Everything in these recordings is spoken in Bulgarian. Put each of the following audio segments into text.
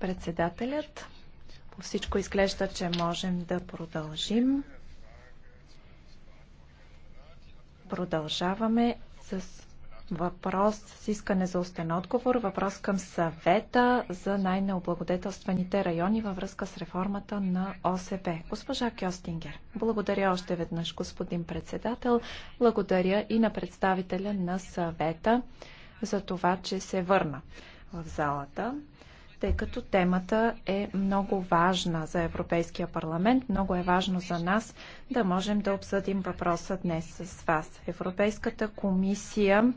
Председателят, по всичко изглежда, че можем да продължим. Продължаваме с въпрос с искане за устен отговор, въпрос към съвета за най-необлагодетелстваните райони във връзка с реформата на ОСП. Госпожа Кьостингер, благодаря още веднъж, господин председател. Благодаря и на представителя на съвета за това, че се върна в залата, тъй като темата е много важна за Европейския парламент. Много е важно за нас да можем да обсъдим въпроса днес с вас. Европейската комисия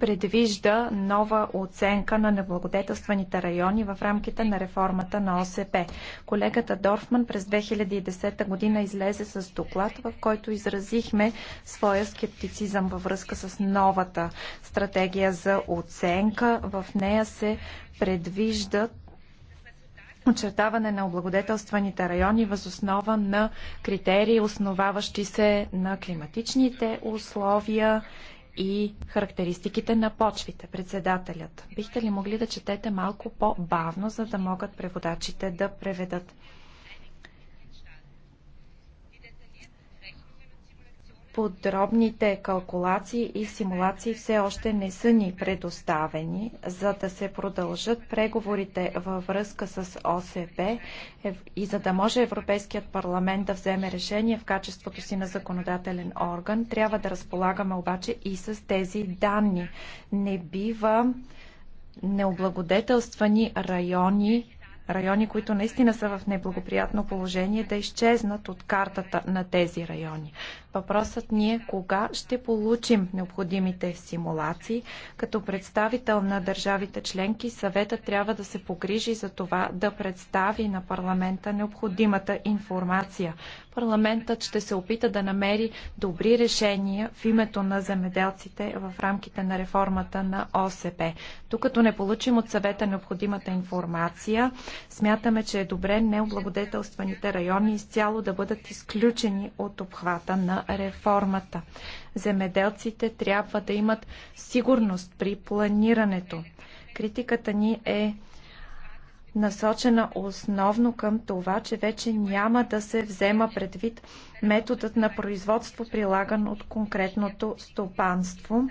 предвижда нова оценка на неблагодетелстваните райони в рамките на реформата на ОСП. Колегата Дорфман през 2010 година излезе с доклад, в който изразихме своя скептицизъм във връзка с новата стратегия за оценка. В нея се предвижда очертаване на облагодетелстваните райони възоснова на критерии, основаващи се на климатичните условия и характеристиките на почвите, председателят. Бихте ли могли да четете малко по-бавно, за да могат преводачите да преведат? Подробните калкулации и симулации все още не са ни предоставени. За да се продължат преговорите във връзка с ОСБ е и за да може Европейският парламент да вземе решение в качеството си на законодателен орган, трябва да разполагаме обаче и с тези данни. Не бива необлагодетелствани райони райони, които наистина са в неблагоприятно положение, да изчезнат от картата на тези райони. Въпросът ни е кога ще получим необходимите симулации. Като представител на държавите членки, съвета трябва да се погрижи за това да представи на парламента необходимата информация. Парламентът ще се опита да намери добри решения в името на земеделците в рамките на реформата на ОСП. Докато не получим от съвета необходимата информация, Смятаме, че е добре необлагодетелстваните райони изцяло да бъдат изключени от обхвата на реформата. Земеделците трябва да имат сигурност при планирането. Критиката ни е насочена основно към това, че вече няма да се взема предвид методът на производство, прилаган от конкретното стопанство,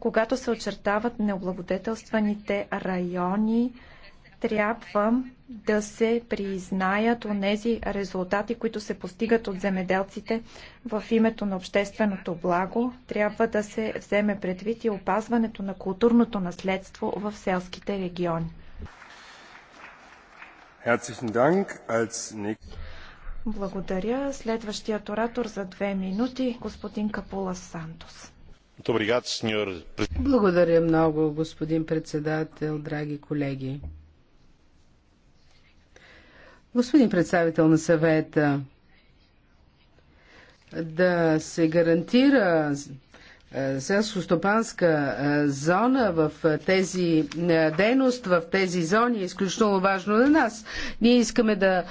когато се очертават необлагодетелстваните райони, трябва да се признаят онези резултати, които се постигат от земеделците в името на общественото благо. Трябва да се вземе предвид и опазването на културното наследство в селските региони. Благодаря. Следващият оратор за две минути, господин Капула Сантос. Благодаря много, господин председател, драги колеги. Господин представител на съвета, да се гарантира е, селско-стопанска е, зона в е, тези дейност, в тези зони е изключително важно на нас. Ние искаме да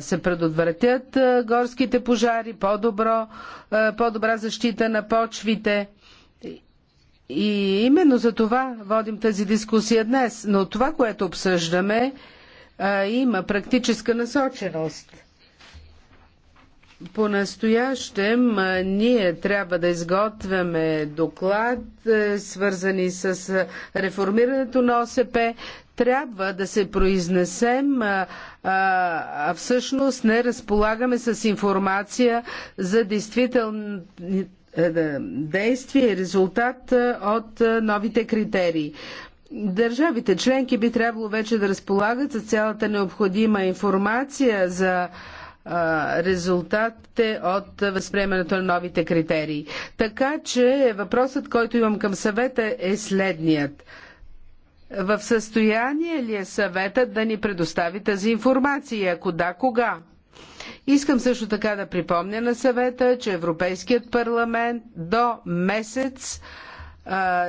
се предотвратят горските пожари, по-добро, по-добра защита на почвите. И именно за това водим тази дискусия днес. Но това, което обсъждаме, а има практическа насоченост. По-настоящем ние трябва да изготвяме доклад, е, свързани с реформирането на ОСП. Трябва да се произнесем, а, а всъщност не разполагаме с информация за действително е, действие и резултат е, от новите критерии. Държавите членки би трябвало вече да разполагат с цялата необходима информация за резултатите от възприемането на новите критерии. Така че въпросът, който имам към съвета е следният. В състояние ли е съветът да ни предостави тази информация? Ако да, кога? Искам също така да припомня на съвета, че Европейският парламент до месец а,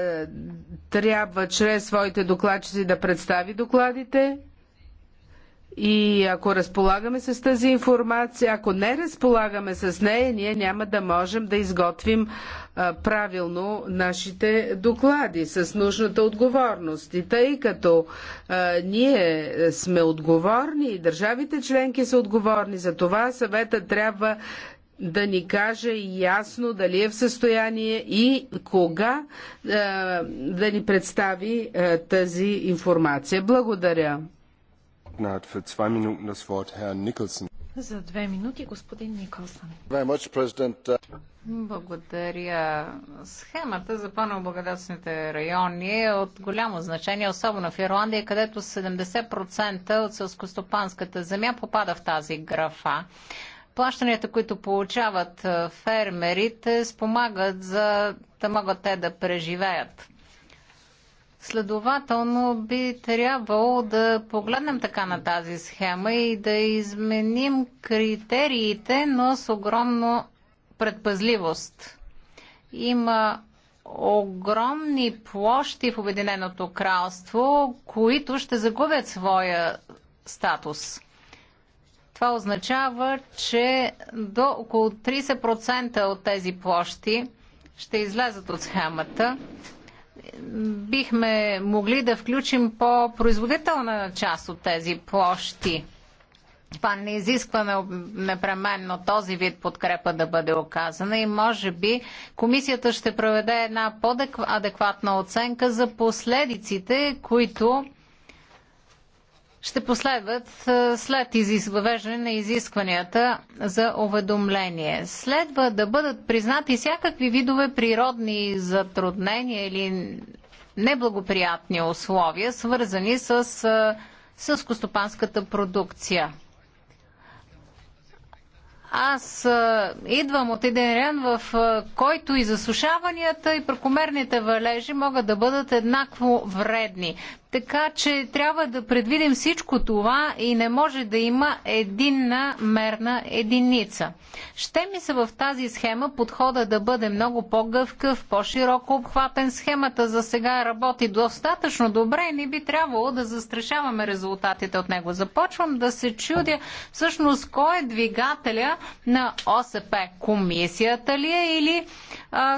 трябва чрез своите докладчици да представи докладите. И ако разполагаме с тази информация, ако не разполагаме с нея, ние няма да можем да изготвим а, правилно нашите доклади с нужната отговорност. И тъй като а, ние сме отговорни и държавите членки са отговорни, за това съвета трябва да ни каже ясно дали е в състояние и кога е, да ни представи е, тази информация. Благодаря. За две минути господин Николсън. Благодаря. Схемата за по-необлагодетелствените райони е от голямо значение, особено в Ирландия, където 70% от селскостопанската земя попада в тази графа плащанията, които получават фермерите, спомагат за да могат те да преживеят. Следователно би трябвало да погледнем така на тази схема и да изменим критериите, но с огромно предпазливост. Има огромни площи в Обединеното кралство, които ще загубят своя статус. Това означава, че до около 30% от тези площи ще излязат от схемата. Бихме могли да включим по-производителна част от тези площи. Това не изисква непременно този вид подкрепа да бъде оказана и може би комисията ще проведе една по-адекватна оценка за последиците, които ще последват след въвеждане на изискванията за уведомление. Следва да бъдат признати всякакви видове природни затруднения или неблагоприятни условия, свързани с сълскостопанската продукция. Аз идвам от един район, в който и засушаванията, и прокомерните валежи могат да бъдат еднакво вредни. Така че трябва да предвидим всичко това и не може да има единна мерна единица. Ще ми се в тази схема подхода да бъде много по-гъвкав, по-широко обхватен. Схемата за сега работи достатъчно добре и не би трябвало да застрашаваме резултатите от него. Започвам да се чудя всъщност кой е двигателя на ОСП. Комисията ли е или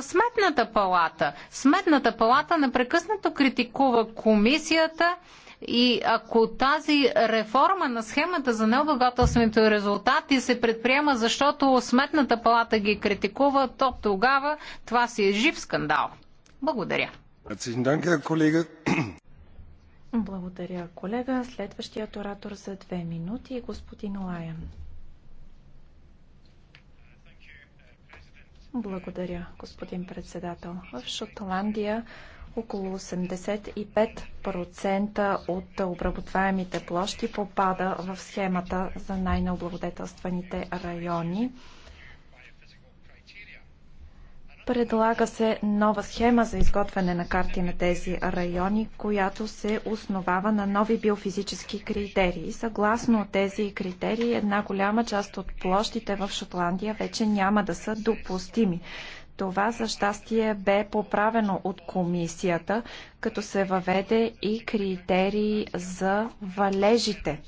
Сметната палата. Сметната палата непрекъснато критикува комисията и ако тази реформа на схемата за необлагателствените резултати се предприема, защото Сметната палата ги критикува, то тогава това си е жив скандал. Благодаря. Благодаря, колега. Следващият оратор за две минути е господин Лаян. Благодаря, господин председател. В Шотландия около 85% от обработваемите площи попада в схемата за най-необлагодетелстваните райони. Предлага се нова схема за изготвяне на карти на тези райони, която се основава на нови биофизически критерии. Съгласно тези критерии, една голяма част от площите в Шотландия вече няма да са допустими. Това, за щастие, бе поправено от комисията, като се въведе и критерии за валежите –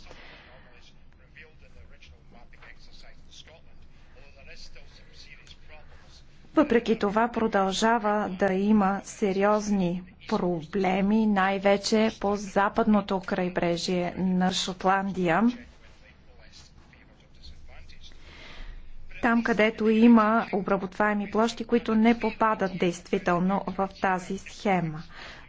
Въпреки това продължава да има сериозни проблеми, най-вече по западното крайбрежие на Шотландия. Там, където има обработваеми площи, които не попадат действително в тази схема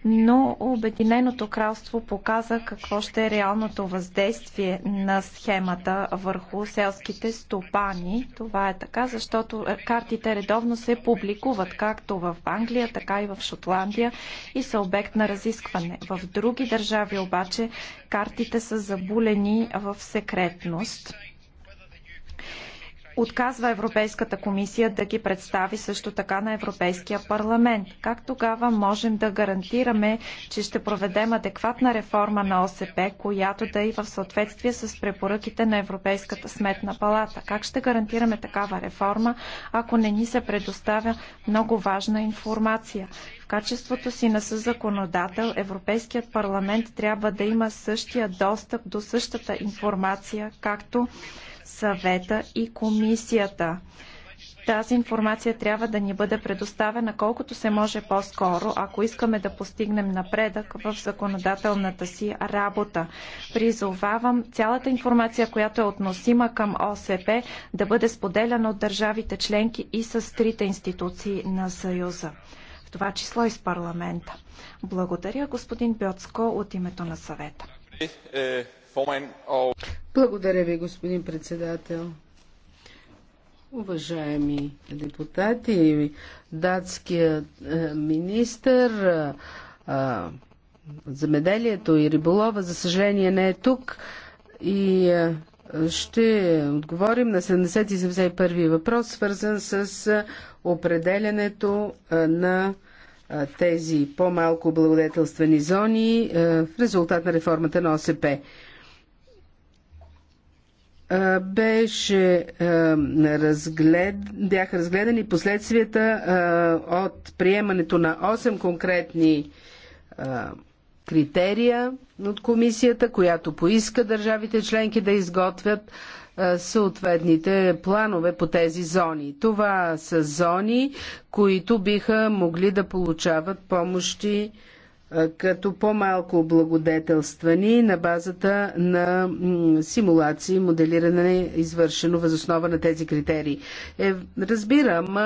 но Обединеното кралство показа какво ще е реалното въздействие на схемата върху селските стопани. Това е така, защото е, картите редовно се публикуват както в Англия, така и в Шотландия и са обект на разискване. В други държави обаче картите са забулени в секретност отказва Европейската комисия да ги представи също така на Европейския парламент. Как тогава можем да гарантираме, че ще проведем адекватна реформа на ОСП, която да е и в съответствие с препоръките на Европейската сметна палата? Как ще гарантираме такава реформа, ако не ни се предоставя много важна информация? В качеството си на съзаконодател Европейският парламент трябва да има същия достъп до същата информация, както съвета и комисията. Тази информация трябва да ни бъде предоставена колкото се може по-скоро, ако искаме да постигнем напредък в законодателната си работа. Призовавам цялата информация, която е относима към ОСП, да бъде споделяна от държавите членки и с трите институции на Съюза. В това число и с парламента. Благодаря господин Бьоцко от името на съвета. Е, е, благодаря ви, господин председател. Уважаеми депутати, датският е, министр е, е, замеделието и риболова, за съжаление, не е тук и ще отговорим на 70-71 въпрос, свързан с определенето на тези по-малко благодетелствени зони в резултат на реформата на ОСП беше разглед... бяха разгледани последствията от приемането на 8 конкретни критерия от комисията, която поиска държавите членки да изготвят съответните планове по тези зони. Това са зони, които биха могли да получават помощи е, като по-малко благодетелствани на базата на симулации, моделиране, извършено възоснова на тези критерии. Е, разбирам,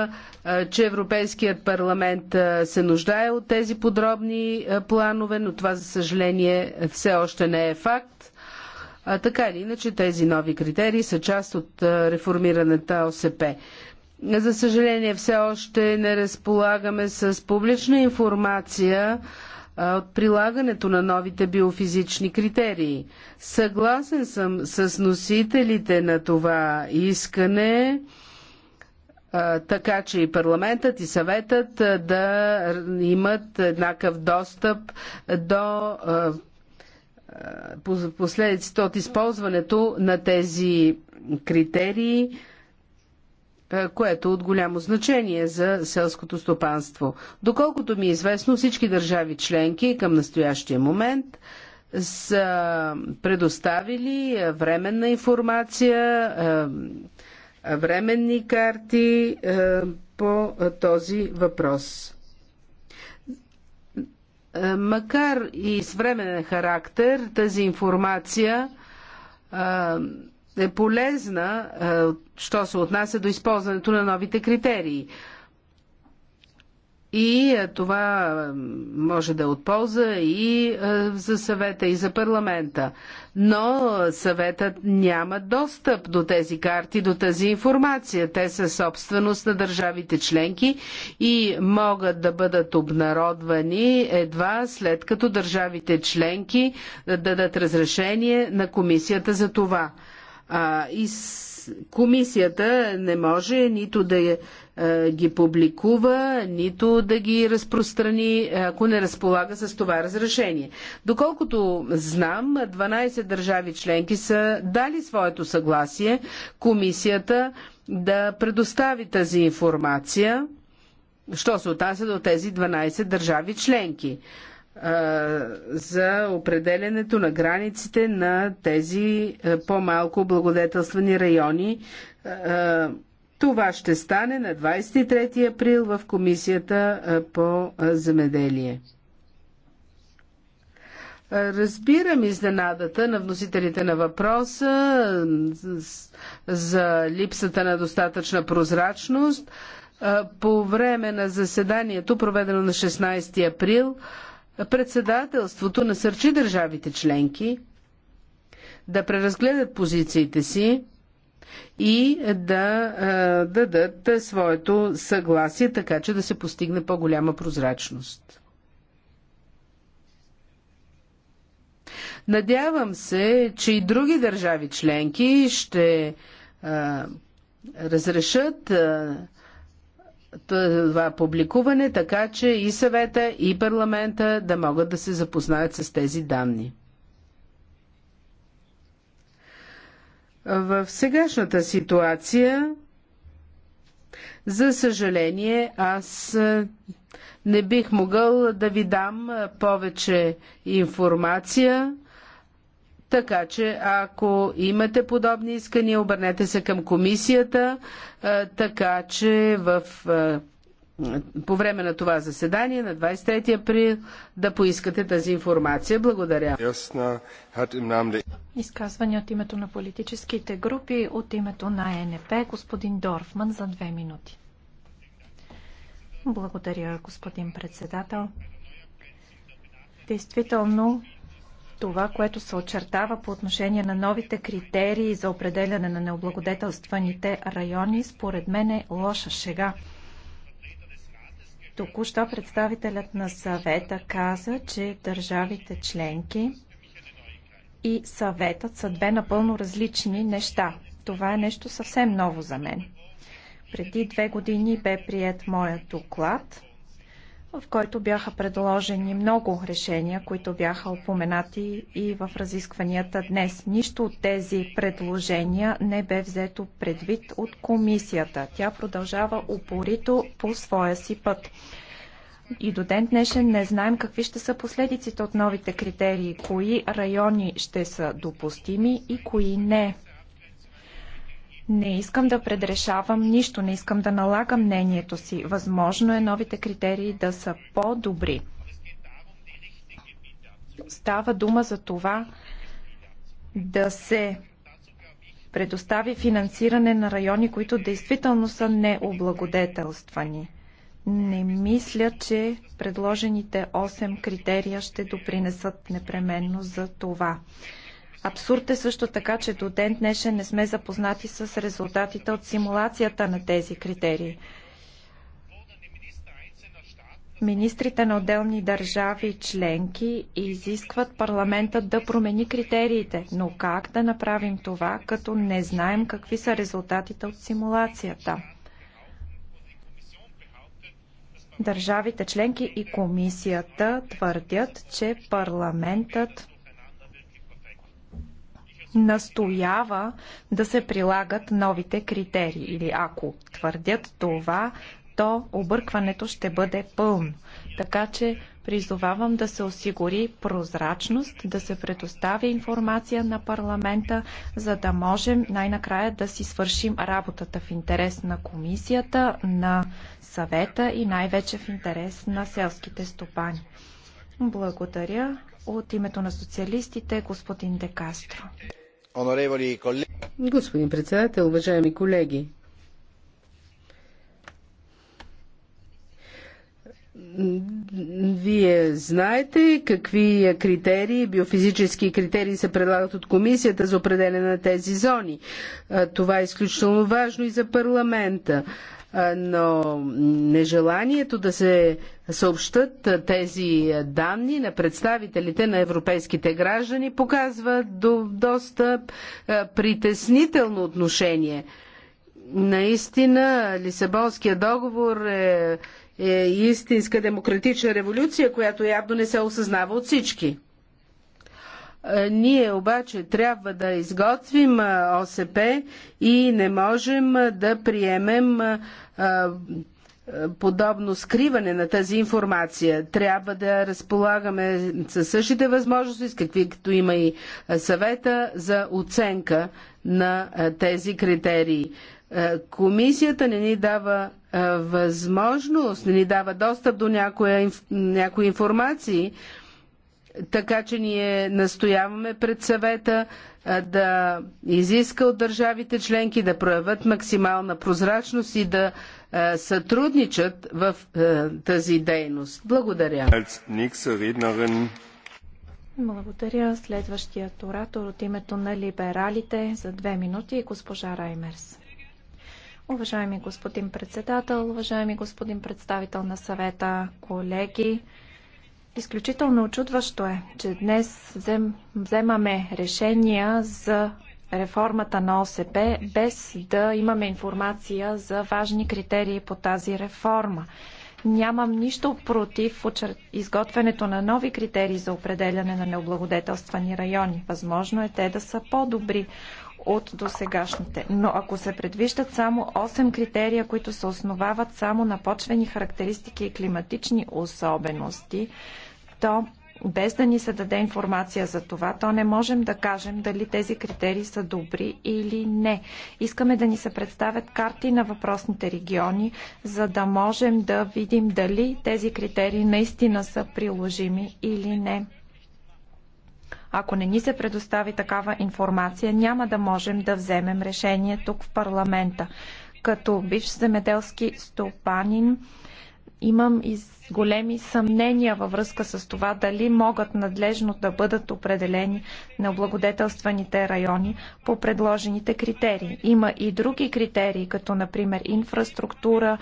е, че Европейският парламент е, се нуждае от тези подробни планове, но това, за съжаление, все още не е факт. А, така или иначе, тези нови критерии са част от реформираната ОСП. За съжаление, все още не разполагаме с публична информация, от прилагането на новите биофизични критерии. Съгласен съм с носителите на това искане, така че и парламентът и съветът да имат еднакъв достъп до последиците от използването на тези критерии е, което е от голямо значение за селското стопанство. Доколкото ми е известно, всички държави членки към настоящия момент са предоставили е, временна информация, е, временни карти по този въпрос. Макар и с временен характер, тази информация е полезна, е, що се отнася до използването на новите критерии. И е, това е, може да е от полза и за съвета, и за парламента. Но съветът няма достъп до тези карти, до тази информация. Те са собственост на държавите членки и могат да бъдат обнародвани едва след като държавите членки дадат разрешение на комисията за това. А, и с... комисията не може нито да е, ги публикува, нито да ги разпространи, ако не разполага с това разрешение. Доколкото знам, 12 държави членки са дали своето съгласие комисията да предостави тази информация, що се отнася до тези 12 държави членки за определенето на границите на тези по-малко благодетелствани райони. Това ще стане на 23 април в Комисията по земеделие. Разбирам изненадата на вносителите на въпроса за липсата на достатъчна прозрачност. По време на заседанието, проведено на 16 април, председателството насърчи държавите членки да преразгледат позициите си и да дадат своето съгласие, така че да се постигне по-голяма прозрачност. Надявам се, че и други държави членки ще а, разрешат а, това публикуване, така че и съвета, и парламента да могат да се запознаят с тези данни. В сегашната ситуация, за съжаление, аз не бих могъл да ви дам повече информация така че, ако имате подобни искания, обърнете се към комисията, така че в, по време на това заседание на 23 април да поискате тази информация. Благодаря. Изказване от името на политическите групи, от името на ЕНП, господин Дорфман за две минути. Благодаря, господин председател. Действително, това, което се очертава по отношение на новите критерии за определяне на необлагодетелстваните райони, според мен е лоша шега. Току-що представителят на съвета каза, че държавите членки и съветът са две напълно различни неща. Това е нещо съвсем ново за мен. Преди две години бе прият моят доклад – в който бяха предложени много решения, които бяха упоменати и в разискванията днес. Нищо от тези предложения не бе взето предвид от комисията. Тя продължава упорито по своя си път. И до ден днешен не знаем какви ще са последиците от новите критерии, кои райони ще са допустими и кои не. Не искам да предрешавам нищо, не искам да налагам мнението си. Възможно е новите критерии да са по-добри. Става дума за това да се предостави финансиране на райони, които действително са необлагодетелствани. Не мисля, че предложените 8 критерия ще допринесат непременно за това. Абсурд е също така, че до ден днешен не сме запознати с резултатите от симулацията на тези критерии. Министрите на отделни държави и членки изискват парламентът да промени критериите, но как да направим това, като не знаем какви са резултатите от симулацията? Държавите членки и комисията твърдят, че парламентът настоява да се прилагат новите критерии. Или ако твърдят това, то объркването ще бъде пълно. Така че призовавам да се осигури прозрачност, да се предоставя информация на парламента, за да можем най-накрая да си свършим работата в интерес на комисията, на съвета и най-вече в интерес на селските стопани. Благодаря. От името на социалистите, господин Декастро. Господин председател, уважаеми колеги, Вие знаете какви критерии, биофизически критерии се предлагат от комисията за определене на тези зони. Това е изключително важно и за парламента но нежеланието да се съобщат тези данни на представителите на европейските граждани показва до доста притеснително отношение. Наистина, Лисабонския договор е, е истинска демократична революция, която явно не се осъзнава от всички. Е, ние обаче трябва да изготвим е, ОСП и не можем е, да приемем подобно скриване на тази информация. Трябва да разполагаме със същите възможности, с каквито има и съвета за оценка на тези критерии. Комисията не ни дава възможност, не ни дава достъп до някои информации, така че ние настояваме пред съвета да изиска от държавите членки да проявят максимална прозрачност и да сътрудничат в тази дейност. Благодаря. Благодаря. Следващият оратор от името на либералите за две минути е госпожа Раймерс. Уважаеми господин председател, уважаеми господин представител на съвета, колеги, Изключително очудващо е, че днес взем, вземаме решения за реформата на ОСП, без да имаме информация за важни критерии по тази реформа. Нямам нищо против изготвянето на нови критерии за определяне на необлагодетелствани райони. Възможно е те да са по-добри от досегашните. Но ако се предвиждат само 8 критерия, които се основават само на почвени характеристики и климатични особености, то без да ни се даде информация за това, то не можем да кажем дали тези критерии са добри или не. Искаме да ни се представят карти на въпросните региони, за да можем да видим дали тези критерии наистина са приложими или не. Ако не ни се предостави такава информация, няма да можем да вземем решение тук в парламента. Като бивш земеделски стопанин, Имам и големи съмнения във връзка с това дали могат надлежно да бъдат определени на облагодетелстваните райони по предложените критерии. Има и други критерии, като например инфраструктура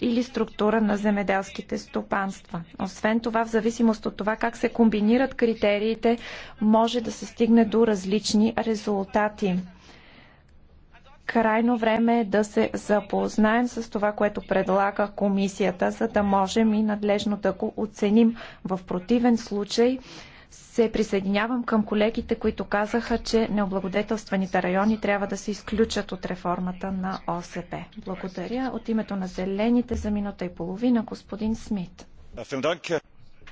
или структура на земеделските стопанства. Освен това, в зависимост от това как се комбинират критериите, може да се стигне до различни резултати. Крайно време е да се запознаем с това, което предлага комисията, за да можем и надлежно да го оценим. В противен случай се присъединявам към колегите, които казаха, че необлагодетелстваните райони трябва да се изключат от реформата на ОСП. Благодаря. От името на Зелените за минута и половина, господин Смит.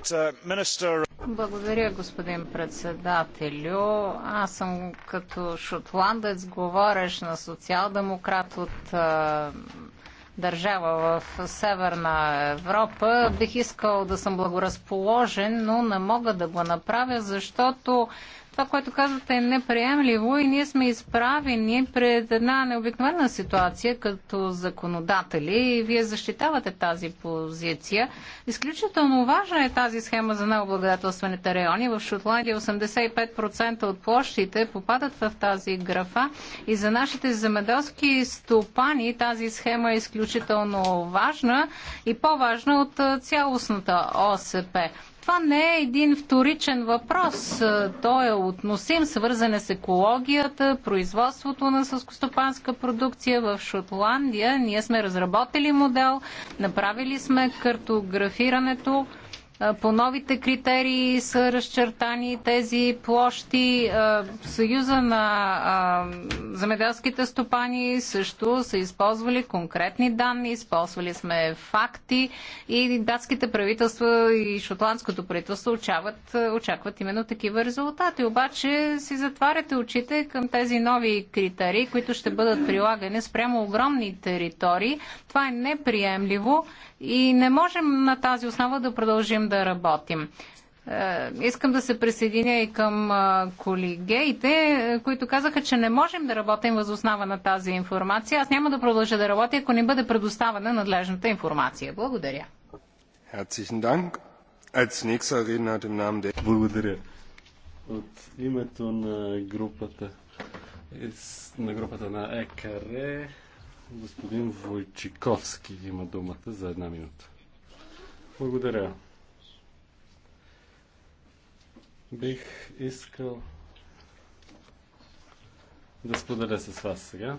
Uh, Благодаря, господин председателю. Аз съм като шотландец, говореш на социал-демократ от е, държава в Северна Европа. Бих искал да съм благоразположен, но не мога да го направя, защото това, което казвате е неприемливо и ние сме изправени пред една необикновена ситуация като законодатели и вие защитавате тази позиция. Изключително важна е тази схема за необлагодателствените райони. В Шотландия 85% от площите попадат в тази графа и за нашите земеделски стопани тази схема е изключително важна и по-важна от цялостната ОСП. Това не е един вторичен въпрос. Той е относим, свързан е с екологията, производството на съскостопанска продукция в Шотландия. Ние сме разработили модел, направили сме картографирането по новите критерии са разчертани тези площи. Съюза на земеделските стопани също са използвали конкретни данни, използвали сме факти и датските правителства и шотландското правителство очакват, очакват именно такива резултати. Обаче си затваряте очите към тези нови критерии, които ще бъдат прилагани спрямо огромни територии. Това е неприемливо и не можем на тази основа да продължим да работим. Е, искам да се присъединя и към е, колегеите, е, които казаха, че не можем да работим възоснова на тази информация. Аз няма да продължа да работя, ако не бъде предоставена надлежната информация. Благодаря. Благодаря. От името на групата на групата на ЕКР Господин Войчиковски има думата за една минута. Благодаря. Бих искал да споделя с вас сега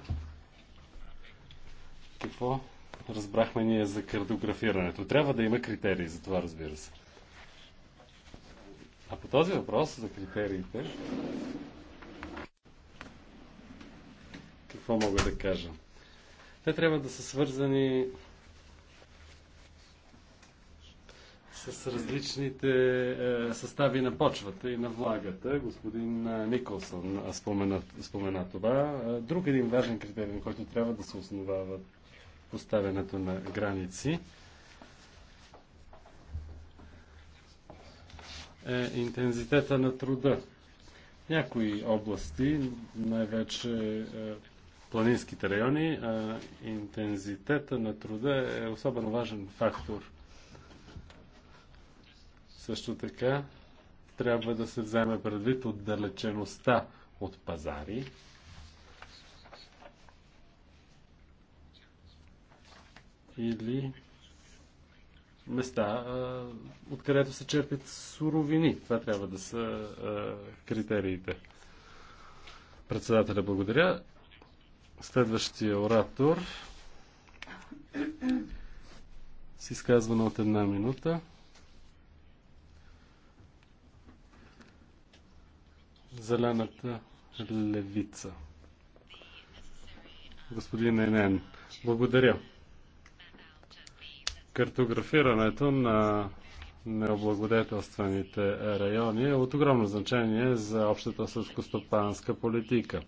какво разбрахме ние за картографирането. Трябва да има критерии за това, разбира се. А по този въпрос за критериите, какво мога да кажа? Те трябва да са свързани с различните е, състави на почвата и на влагата. Господин е, Николсон спомена, спомена това. Е, друг един важен критерий, на който трябва да се основава поставянето на граници, е интензитета на труда. Някои области, най-вече планинските райони, а интензитета на труда е особено важен фактор. Също така трябва да се вземе предвид отдалечеността от пазари. Или места, откъдето се черпят суровини. Това трябва да са критериите. Председателя, благодаря. Следващия оратор с изказване от една минута. Зелената левица. Господин Енен, благодаря. Картографирането на необлагодетелстваните райони е от огромно значение за общата сълскостопанска политика.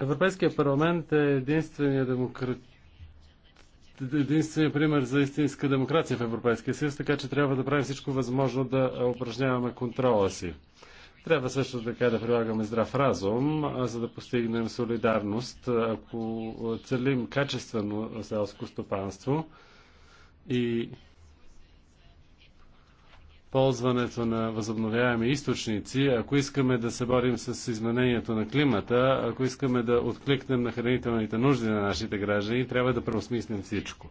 Европейския парламент е единствения демократ единствения пример за истинска демокрация в Европейския съюз, така че трябва да правим всичко възможно да упражняваме контрола си. Трябва също така да прилагаме здрав разум, за да постигнем солидарност. Ако целим качествено селско стопанство и ползването на възобновяеми източници, ако искаме да се борим с изменението на климата, ако искаме да откликнем на хранителните нужди на нашите граждани, трябва да преосмислим всичко.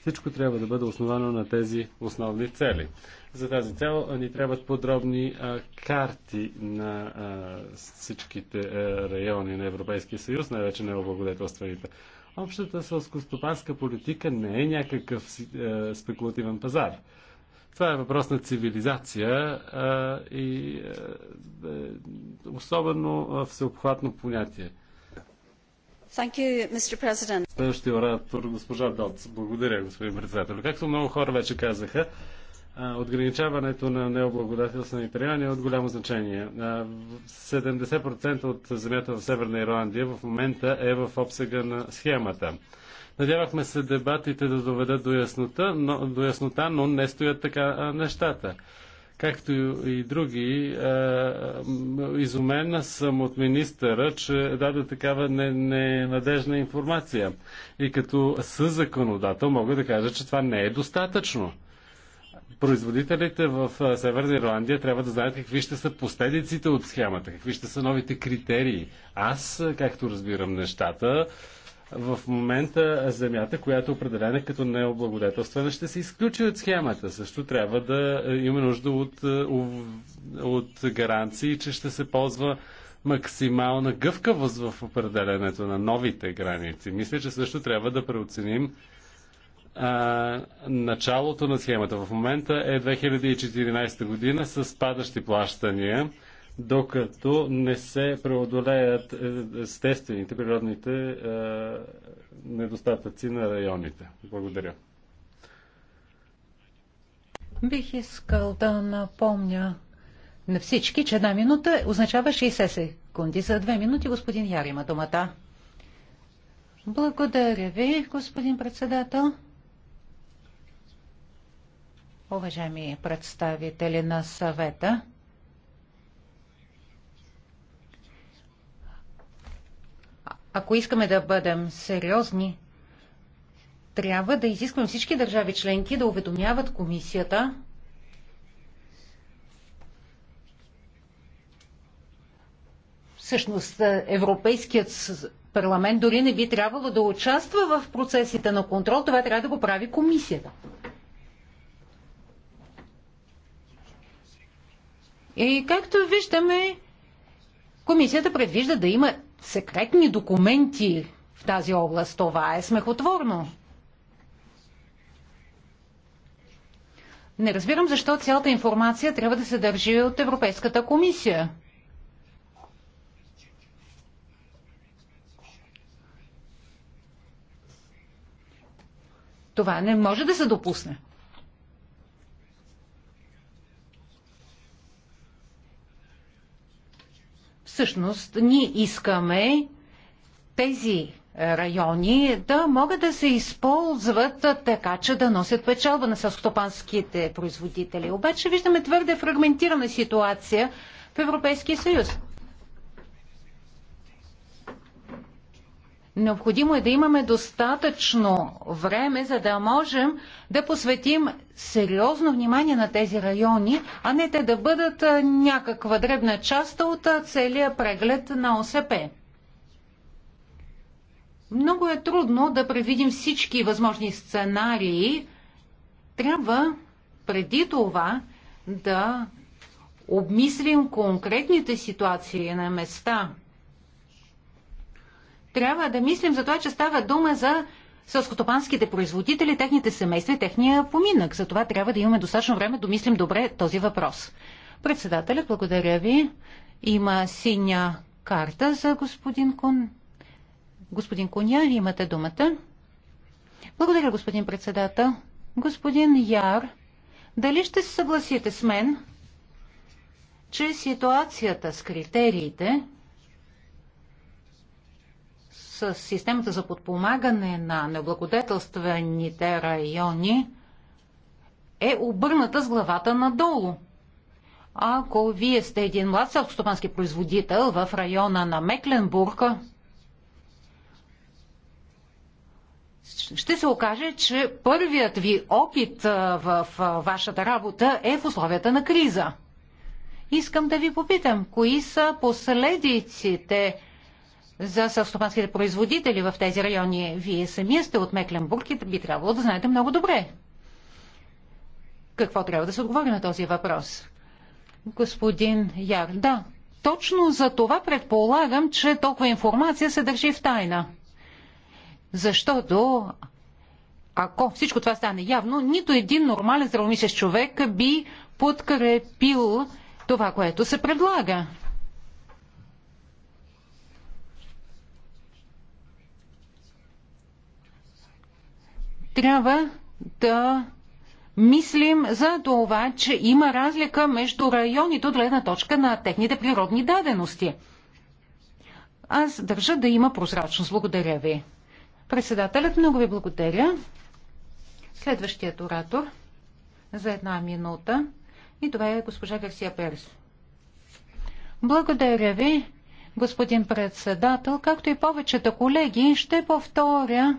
Всичко трябва да бъде основано на тези основни цели. За тази цел ни трябват подробни а, карти на а, всичките а, райони на Европейския съюз, най-вече на облагодетелстваните. Общата сълскостопанска политика не е някакъв а, спекулативен пазар. Това е въпрос на цивилизация а, и а, е, особено всеобхватно понятие. Thank you, Mr. President. Следващия оратор, госпожа Дотс. Благодаря, господин председател. Както много хора вече казаха, отграничаването на необлагодателствени райони е от голямо значение. 70% от земята в Северна Ирландия в момента е в обсега на схемата. Надявахме се дебатите да доведат до яснота, но, до яснота, но не стоят така нещата както и други. Е, е, изумена съм от министъра, че даде такава ненадежна информация. И като със законодател, мога да кажа, че това не е достатъчно. Производителите в е, Северна Ирландия трябва да знаят какви ще са последиците от схемата, какви ще са новите критерии. Аз, както разбирам нещата, в момента земята, която е определена като необлагодетелствена, ще се изключи от схемата. Също трябва да има нужда от, е, от гаранции, че ще се ползва максимална гъвкавост в определенето на новите граници. Мисля, че също трябва да преоценим а, началото на схемата. В момента е 2014 година с падащи плащания докато не се преодолеят е, естествените, природните е, недостатъци на районите. Благодаря. Бих искал да напомня на всички, че една минута означава 60 секунди. За две минути господин Яр има думата. Благодаря ви, господин председател. Уважаеми представители на съвета, ако искаме да бъдем сериозни, трябва да изискваме всички държави членки да уведомяват комисията Всъщност Европейският парламент дори не би трябвало да участва в процесите на контрол. Това трябва да го прави комисията. И както виждаме, комисията предвижда да има секретни документи в тази област. Това е смехотворно. Не разбирам защо цялата информация трябва да се държи от Европейската комисия. Това не може да се допусне. Всъщност, ние искаме тези райони да могат да се използват така, че да носят печалба на съвстопанските производители. Обаче виждаме твърде фрагментирана ситуация в Европейския съюз. Необходимо е да имаме достатъчно време, за да можем да посветим сериозно внимание на тези райони, а не те да бъдат някаква дребна част от целия преглед на ОСП. Много е трудно да предвидим всички възможни сценарии. Трябва преди това да обмислим конкретните ситуации на места – трябва да мислим за това, че става дума за селскотопанските производители, техните семейства и техния поминък. За това трябва да имаме достатъчно време да мислим добре този въпрос. Председателя, благодаря ви. Има синя карта за господин Кун. Господин Куня, имате думата. Благодаря, господин председател. Господин Яр, дали ще се съгласите с мен, че ситуацията с критериите, с системата за подпомагане на необлагодетелстваните райони е обърната с главата надолу. Ако вие сте един млад селскостопански производител в района на Мекленбург, ще се окаже, че първият ви опит в вашата работа е в условията на криза. Искам да ви попитам, кои са последиците за селскостопанските производители в тези райони. Вие самия сте от Мекленбург и би трябвало да знаете много добре. Какво трябва да се отговори на този въпрос? Господин Яр, да. Точно за това предполагам, че толкова информация се държи в тайна. Защото ако всичко това стане явно, нито един нормален здравомислящ човек би подкрепил това, което се предлага. трябва да мислим за това, че има разлика между районите от гледна точка на техните природни дадености. Аз държа да има прозрачност. Благодаря ви. Председателят, много ви благодаря. Следващият оратор за една минута и това е госпожа Гарсия Перес. Благодаря ви, господин председател. Както и повечето колеги, ще повторя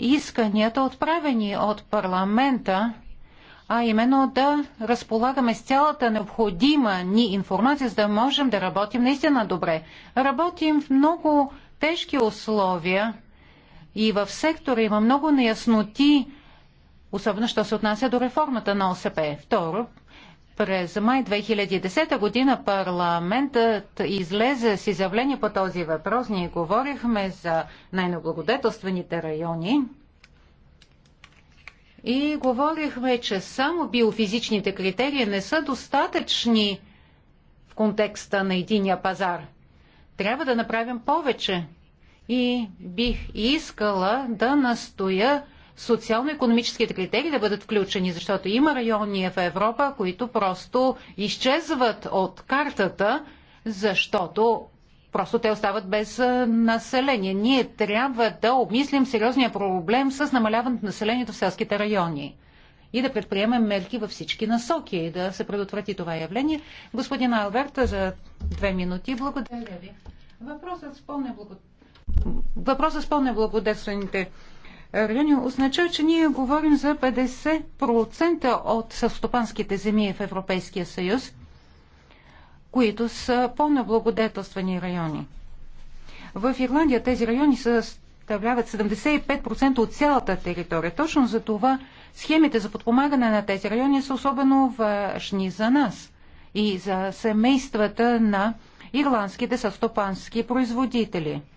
исканията, отправени от парламента, а именно да разполагаме с цялата необходима ни информация, за да можем да работим наистина добре. Работим в много тежки условия и в сектора има много неясноти, особено що се отнася до реформата на ОСП. Второ, през май 2010 година парламентът излезе с изявление по този въпрос. Ние говорихме за най-наблагодетелствените райони и говорихме, че само биофизичните критерии не са достатъчни в контекста на единия пазар. Трябва да направим повече. И бих искала да настоя социално-економическите критерии да бъдат включени, защото има райони в Европа, които просто изчезват от картата, защото просто те остават без население. Ние трябва да обмислим сериозния проблем с намаляването на населението в селските райони и да предприемем мерки във всички насоки и да се предотврати това явление. Господин Алберт, за две минути. Благодаря ви. Въпросът с по неблагодарствените райони, означава, че ние говорим за 50% от съвстопанските земи в Европейския съюз, които са по-наблагодетелствани райони. В Ирландия тези райони съставляват 75% от цялата територия. Точно за това схемите за подпомагане на тези райони са особено важни за нас и за семействата на ирландските съвстопански производители –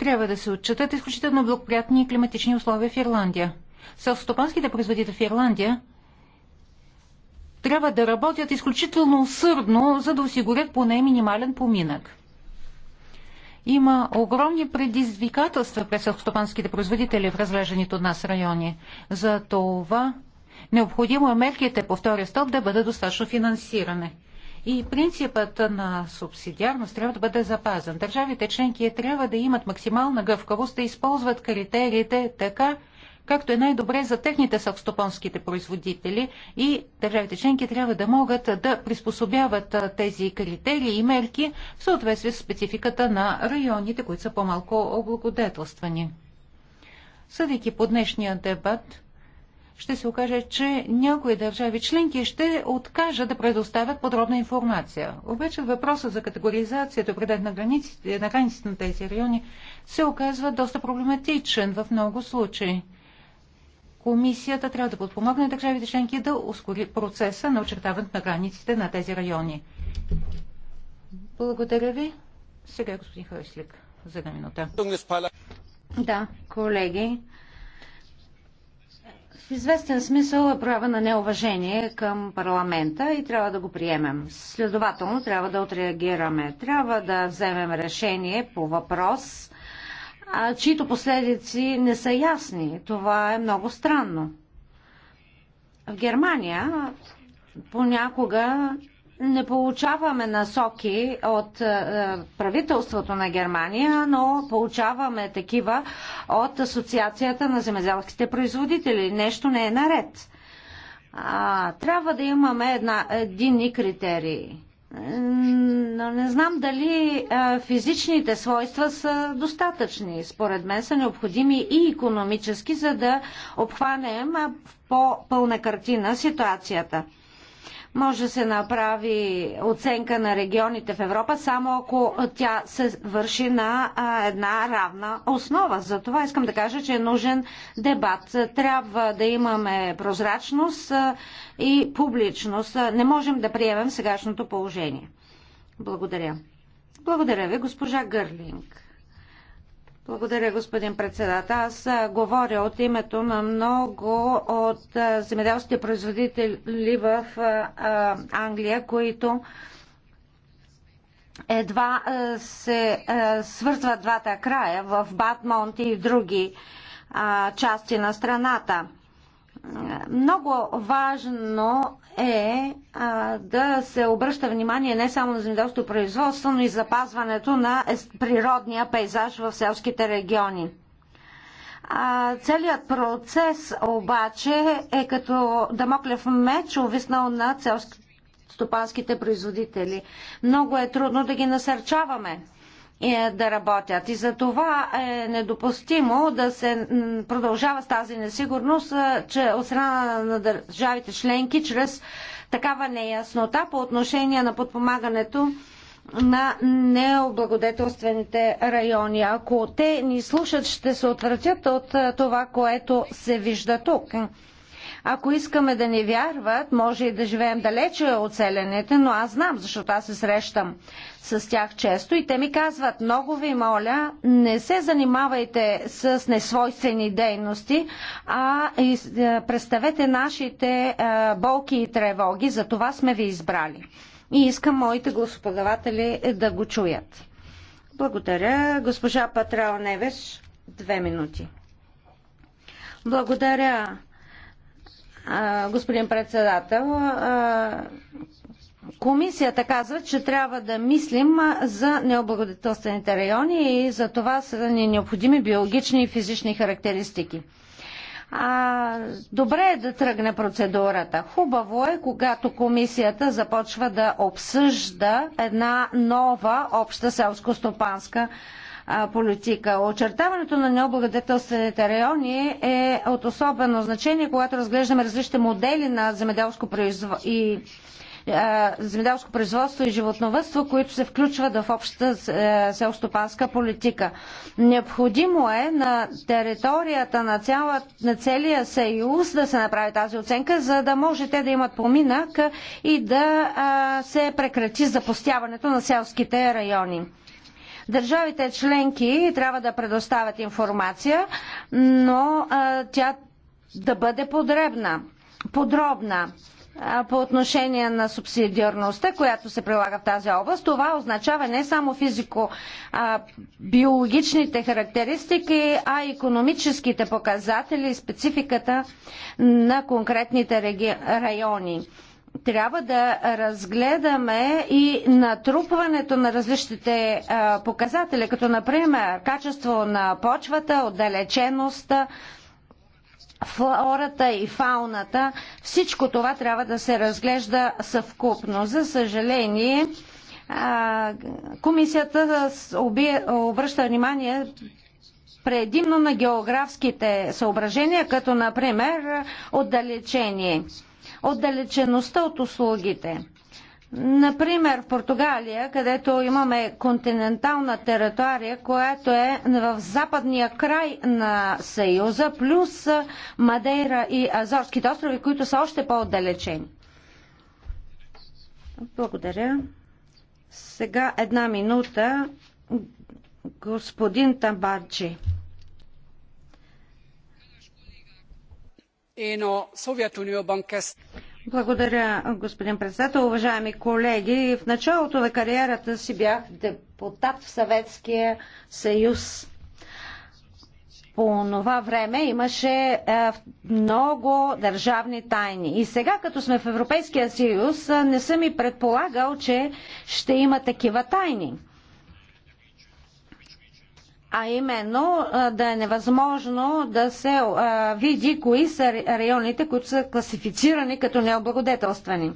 трябва да се отчитат изключително благоприятни климатични условия в Ирландия. Селстопанските производители в Ирландия трябва да работят изключително усърдно, за да осигурят поне минимален поминък. Има огромни предизвикателства пред селскостопанските производители в разглеждането от нас райони. За това необходимо е мерките по втория стълб да бъдат достатъчно финансиране. И принципът на субсидиарност трябва да бъде запазен. Държавите членки трябва да имат максимална гъвкавост да използват критериите така, както е най-добре за техните съвстопонските производители и държавите членки трябва да могат да приспособяват тези критерии и мерки в съответствие с спецификата на районите, които са по-малко облагодетелствани. Съдейки по днешния дебат, ще се окаже, че някои държави членки ще откажат да предоставят подробна информация. Обаче въпроса за категоризацията, определен на границите, на границите на тези райони, се оказва доста проблематичен в много случаи. Комисията трябва да подпомогне държавите членки да ускори процеса на очертаването на границите на тези райони. Благодаря ви. Сега е господин Хайслик, за една минута. Да, колеги в известен смисъл е проява на неуважение към парламента и трябва да го приемем. Следователно трябва да отреагираме. Трябва да вземем решение по въпрос, а, чието последици не са ясни. Това е много странно. В Германия понякога не получаваме насоки от е, правителството на Германия, но получаваме такива от Асоциацията на земеделските производители. Нещо не е наред. А, трябва да имаме една, единни критерии. Но не знам дали е, физичните свойства са достатъчни. Според мен са необходими и економически, за да обхванем по-пълна картина ситуацията. Може да се направи оценка на регионите в Европа, само ако тя се върши на една равна основа. За това искам да кажа, че е нужен дебат. Трябва да имаме прозрачност и публичност. Не можем да приемем сегашното положение. Благодаря. Благодаря ви, госпожа Гърлинг. Благодаря, господин председател. Аз говоря от името на много от земеделските производители в Англия, които едва се свързват двата края в Батмонт и други части на страната. Много важно е а, да се обръща внимание не само на земеделското производство, но и запазването на природния пейзаж в селските региони. А, целият процес обаче е като дамоклев меч, увиснал на селските стопанските производители. Много е трудно да ги насърчаваме е, да работят. И за това е недопустимо да се продължава с тази несигурност че от страна на държавите членки чрез такава неяснота по отношение на подпомагането на необлагодетелствените райони. Ако те ни слушат, ще се отвратят от това, което се вижда тук. Ако искаме да ни вярват, може и да живеем далече от селените, но аз знам, защото аз се срещам с тях често и те ми казват, много ви моля, не се занимавайте с несвойствени дейности, а е, представете нашите е, болки и тревоги, за това сме ви избрали. И искам моите господаватели е, да го чуят. Благодаря. Госпожа Патрал Невеш, две минути. Благодаря, господин председател. Комисията казва, че трябва да мислим за необлагодетелствените райони и за това са ни необходими биологични и физични характеристики. А, добре е да тръгне процедурата. Хубаво е, когато комисията започва да обсъжда една нова обща селско-стопанска политика. Очертаването на необлагодетелствените райони е от особено значение, когато разглеждаме различни модели на земеделско производство и земеделско производство и животновътство, които се включват в общата селстопанска политика. Необходимо е на територията на, цяла, на целия съюз да се направи тази оценка, за да може те да имат поминък и да се прекрати запустяването на селските райони. Държавите членки трябва да предоставят информация, но а, тя да бъде подребна, подробна по отношение на субсидиарността, която се прилага в тази област, това означава не само физико-биологичните характеристики, а и економическите показатели и спецификата на конкретните райони трябва да разгледаме и натрупването на различните показатели, като например качество на почвата, отдалеченост, флората и фауната. Всичко това трябва да се разглежда съвкупно. За съжаление, комисията обръща внимание предимно на географските съображения, като например отдалечение отдалечеността от услугите. Например, в Португалия, където имаме континентална територия, която е в западния край на Съюза, плюс Мадейра и Азорските острови, които са още по-отдалечени. Благодаря. Сега една минута. Господин Табарчи. Благодаря, господин председател. Уважаеми колеги, в началото на кариерата си бях депутат в Съветския съюз. По това време имаше е, много държавни тайни. И сега, като сме в Европейския съюз, е, не съм и предполагал, че ще има такива тайни а именно да е невъзможно да се види кои са районите, които са класифицирани като необлагодетелствани.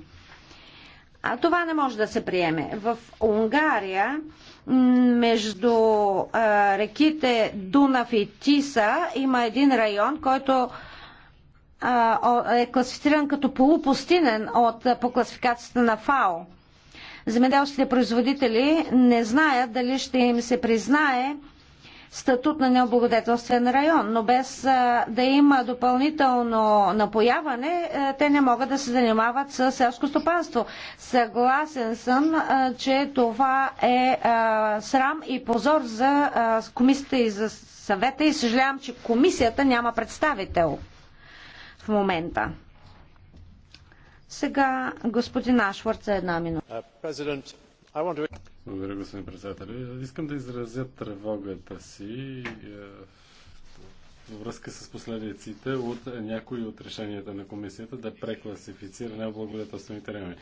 А това не може да се приеме. В Унгария между а, реките Дунав и Тиса има един район, който а, е класифициран като полупустинен от, по класификацията на ФАО. Земеделските производители не знаят дали ще им се признае статут на необлагодетелствен район, но без да има допълнително напояване, те не могат да се занимават с селско стопанство. Съгласен съм, че това е срам и позор за комисията и за съвета и съжалявам, че комисията няма представител в момента. Сега господин Ашвард за една минута. Uh, благодаря, господин председател. Искам да изразя тревогата си е, във връзка с последиците от някои от решенията на комисията да прекласифицира необлагодетелствените райони.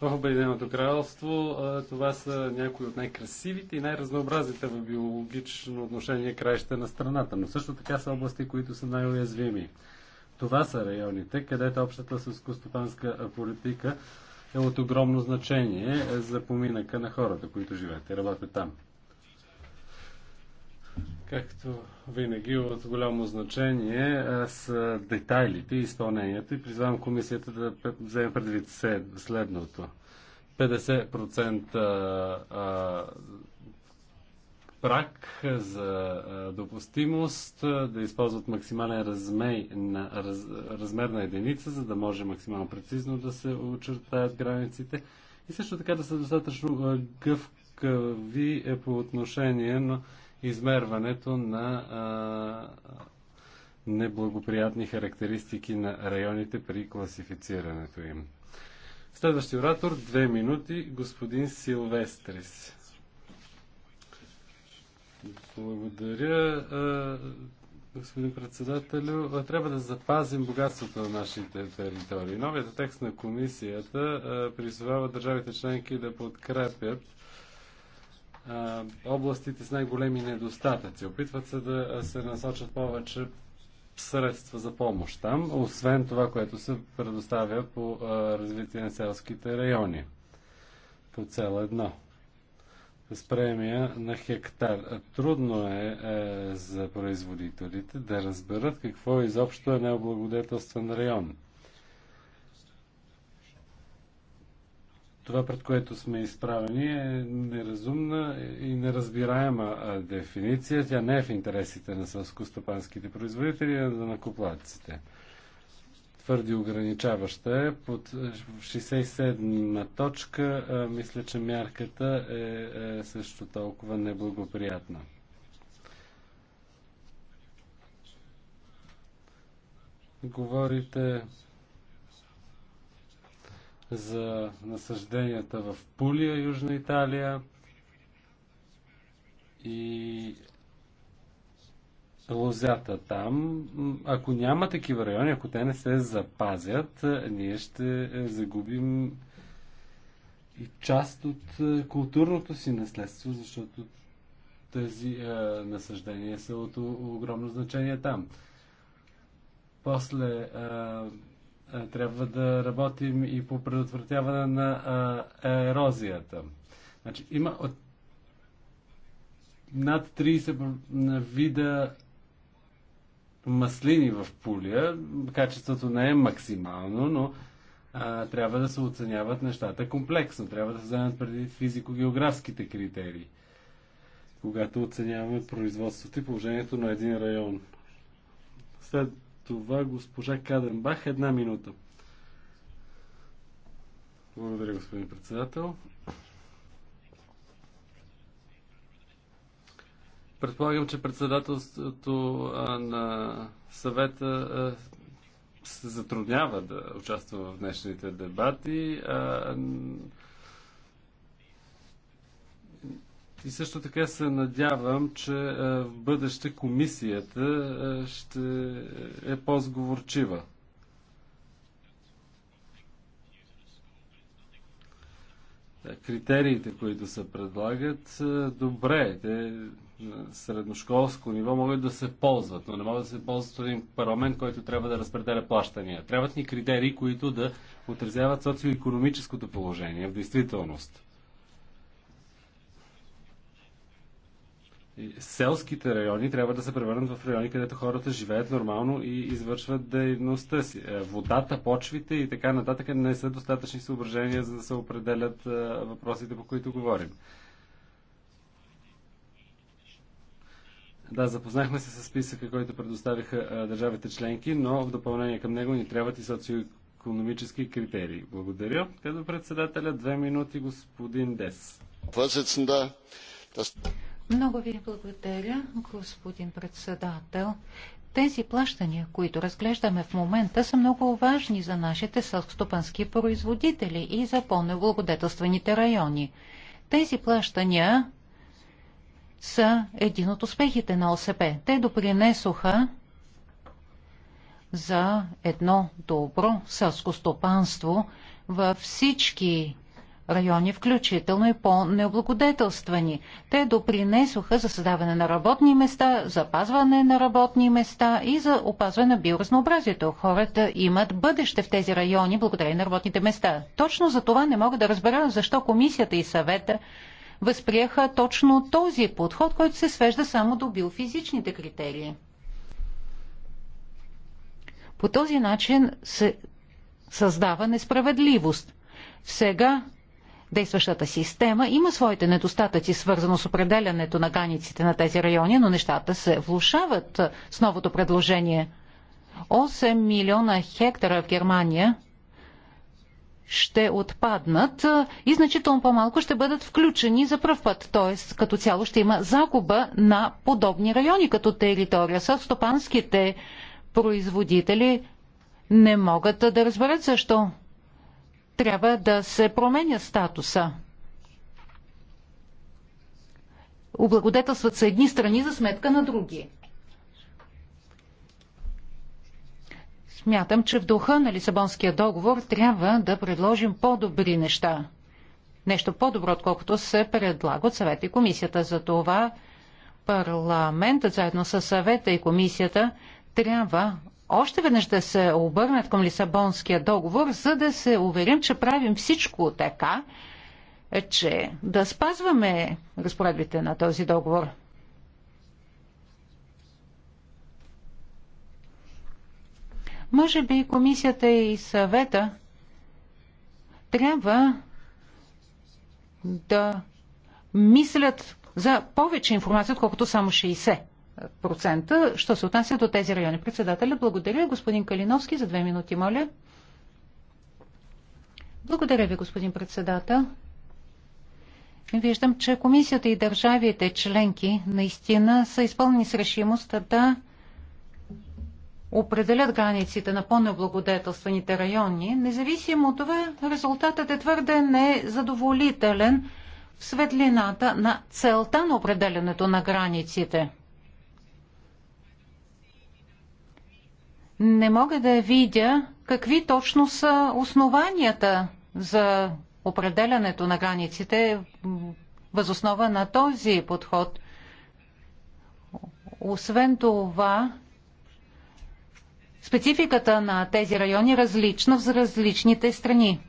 В Обединеното кралство е, това са някои от най-красивите и най-разнообразните в биологично отношение краища на страната, но също така са области, които са най-уязвими. Това са районите, където общата сълскостопанска политика е от огромно значение за поминъка на хората, които живеят и работят там. Както винаги, от голямо значение с детайлите и изпълнението и призвам комисията да вземе предвид следното. 50% прак за допустимост, да използват максимален размер на, раз, размер на единица, за да може максимално прецизно да се очертаят границите и също така да са достатъчно гъвкави е, по отношение на измерването на а, неблагоприятни характеристики на районите при класифицирането им. Следващи оратор, две минути, господин Силвестрис. Благодаря, господин председателю. Трябва да запазим богатството на нашите територии. Новият текст на комисията призовава държавите членки да подкрепят областите с най-големи недостатъци. Опитват се да се насочат повече средства за помощ там, освен това, което се предоставя по развитие на селските райони. По цел едно с премия на хектар. Трудно е, е за производителите да разберат какво изобщо е необлагодетелствен район. Това, пред което сме изправени, е неразумна и неразбираема дефиниция. Тя не е в интересите на сълскостопанските производители, а на накоплаците твърди ограничаваща е. Под 67-ма е, точка е, мисля, че мярката е, е също толкова неблагоприятна. Говорите за насъжденията в Пулия, Южна Италия и лозята там. Ако няма такива райони, ако те не се запазят, ние ще загубим и част от е, културното си наследство, защото тези е, насъждения са от огромно значение там. После е, е, трябва да работим и по предотвратяване на е, ерозията. Значи, има от над 30 вида маслини в пулия. Качеството не е максимално, но а, трябва да се оценяват нещата комплексно. Трябва да се вземат преди физико-географските критерии, когато оценяваме производството и положението на един район. След това госпожа Каденбах, една минута. Благодаря, господин председател. Предполагам, че председателството на съвета се затруднява да участва в днешните дебати. И също така се надявам, че в бъдеще комисията ще е по-сговорчива. Критериите, които се предлагат, добре, те на средношколско ниво могат да се ползват, но не могат да се ползват от един парламент, който трябва да разпределя плащания. Трябват ни критерии, които да отразяват социо-економическото положение в действителност. селските райони трябва да се превърнат в райони, където хората живеят нормално и извършват дейността си. Е, водата, почвите и така нататък не са достатъчни съображения, за да се определят е, въпросите, по които говорим. Да, запознахме се с списъка, който предоставиха държавите членки, но в допълнение към него ни трябват и социоекономически критерии. Благодаря. Като председателя, две минути господин Дес. Много ви благодаря, господин председател. Тези плащания, които разглеждаме в момента, са много важни за нашите селскостопански производители и за по-неблагодетелстваните райони. Тези плащания са един от успехите на ОСП. Те допринесоха за едно добро сърско стопанство във всички райони, включително и по-необлагодетелствани. Те допринесоха за създаване на работни места, запазване на работни места и за опазване на биоразнообразието. Хората имат бъдеще в тези райони благодарение на работните места. Точно за това не мога да разбера защо комисията и съвета възприеха точно този подход, който се свежда само до биофизичните критерии. По този начин се създава несправедливост. Сега действащата система има своите недостатъци, свързано с определянето на границите на тези райони, но нещата се влушават с новото предложение. 8 милиона хектара в Германия – ще отпаднат и значително по-малко ще бъдат включени за пръв път. Т.е. като цяло ще има загуба на подобни райони като територия. Съвстопанските производители не могат да разберат защо трябва да се променя статуса. Облагодетелстват се едни страни за сметка на други. Смятам, че в духа на Лисабонския договор трябва да предложим по-добри неща. Нещо по-добро, отколкото се предлага от съвета и комисията. За това парламентът, заедно с съвета и комисията, трябва още веднъж да се обърнат към Лисабонския договор, за да се уверим, че правим всичко така, че да спазваме разпоредбите на този договор. Може би комисията и съвета трябва да мислят за повече информация, отколкото само 60%, що се отнася до тези райони. Председателя, благодаря. Господин Калиновски, за две минути, моля. Благодаря ви, господин председател. Виждам, че комисията и държавите членки наистина са изпълнени с решимост да определят границите на по-неблагодетелствените райони, независимо от това, резултатът е твърде незадоволителен в светлината на целта на определенето на границите. Не мога да видя какви точно са основанията за определянето на границите възоснова на този подход. Освен това, Спецификата на тези райони е различна в различните страни.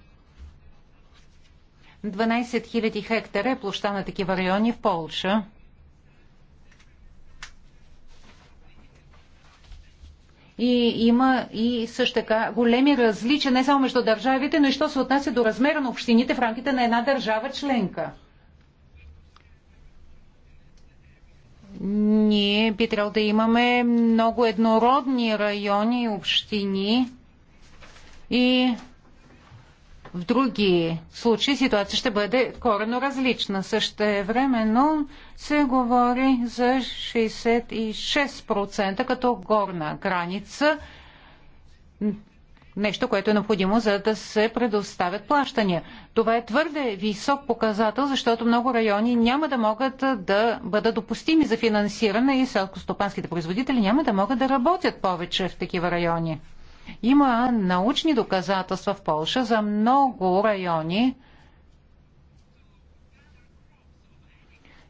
12 000 хектара е площа на такива райони в Полша. И има и също така големи различия не само между държавите, но и що се отнася до размера на общините в рамките на една държава членка. ние би трябвало да имаме много еднородни райони и общини и в други случаи ситуация ще бъде корено различна. Също време, но се говори за 66% като горна граница нещо, което е необходимо, за да се предоставят плащания. Това е твърде висок показател, защото много райони няма да могат да бъдат допустими за финансиране и селкостопанските производители няма да могат да работят повече в такива райони. Има научни доказателства в Польша за много райони,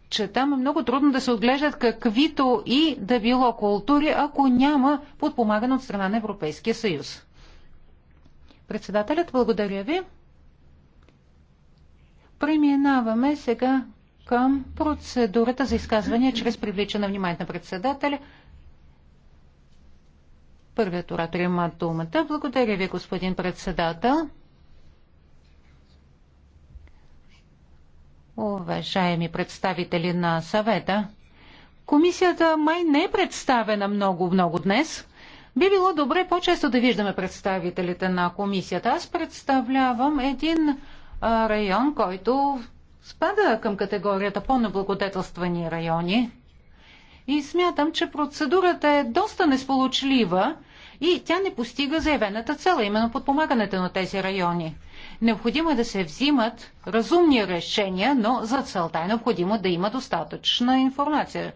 че там е много трудно да се отглеждат каквито и да било култури, ако няма подпомагане от страна на Европейския съюз. Председателят, благодаря ви. Преминаваме сега към процедурата за изказвания чрез привличане вниманието на председателя. Първият оратор има думата. Благодаря ви, господин председател. Уважаеми представители на съвета, комисията май не е представена много-много днес. Би било добре по-често да виждаме представителите на комисията. Аз представлявам един район, който спада към категорията по-неблагодетелствани райони. И смятам, че процедурата е доста несполучлива и тя не постига заявената цел, именно подпомагането на тези райони. Необходимо е да се взимат разумни решения, но за целта е необходимо да има достатъчна информация